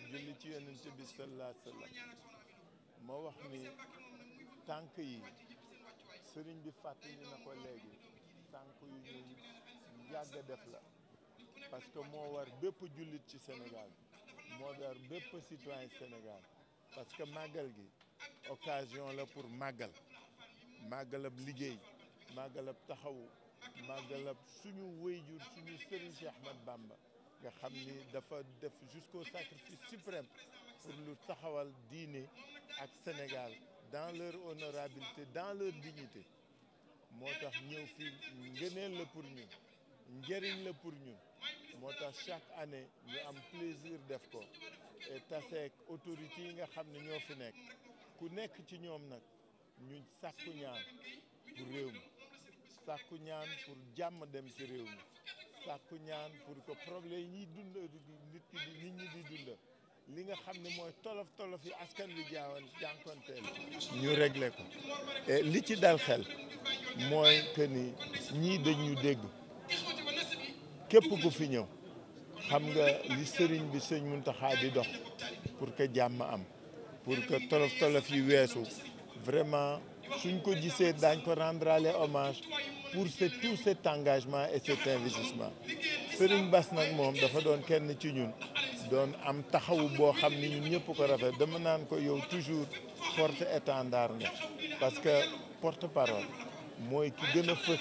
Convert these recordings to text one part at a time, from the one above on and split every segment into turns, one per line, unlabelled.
julli ci yonent bi sallallahu alayhi wa ma wax ni tànk yi sëriñ bi fàttali na ko léegi tànk yu ñu yàgg a def la parce que moo war bépp jullit ci Sénégal moo war bépp citoyen Sénégal parce que màggal gi occasion la pour màggal màggalab liggéey màggalab taxawu màggalab suñu wéyjur suñu sëriñ si Ahmad Bamba nga xam ni dafa def jusqu'au sacrifice suprême pour lu taxawal diine ak Sénégal dans leur honorabilité dans leur dignité moo tax ñëw fii ngëneel la pour ñun njëriñ la pour ñun moo tax chaque année ñu am plaisir def ko et taseek autorités yi nga xam ne ñoo fi nekk ku nekk ci ñoom nag ñu sàkku ñaan pour réew mi sàkku ñaan pour jàmm dem ci réew mi sàkku ñaan pour que problème yi dund nit ñi nit ñu di dund li nga xam ne mooy tolof tolof yi askan bi jaawal jànkonteel ñu réglé ko li ci dal xel mooy que ni ñii dañu dégg képp ku fi ñëw xam nga li sëriñ bi sëñ Muntaxa di dox pour que jàmm am pour que tolof tolof yi weesu vraiment suñ ko gisee daañ ko rendrale hommage pour ce tout cet engagement et cet investissement Serigne Bass nag moom dafa doon kenn ci ñun doon am taxawu boo xam ni ñu ñëpp ko rafet dama naan ko yow toujours porte étendard nga parce que porte parole mooy ki gën a fës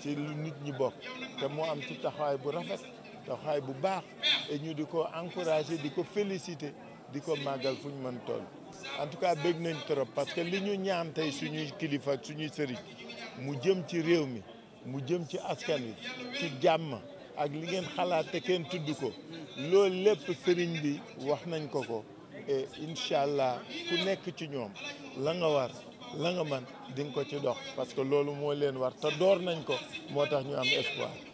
ci nit ñi bokk te moo am ci taxawaay bu rafet taxawaay bu baax e ñu di ko encourager di ko féliciter di ko màggal fu ñu mën toll en tout cas bëgg nañ trop parce que li ñu ñaan tey suñuy kilifa ak suñuy sëriñ mu jëm ci réew mi mu jëm ci askan wi ci jàmm ak li ngeen xalaat te kenn tudd ko loolu lépp sëriñ bi wax nañ ko ko et incha allah ku nekk ci ñoom la nga war la nga man di ko ci dox parce que loolu moo leen war te door nañ ko moo tax ñu am espoir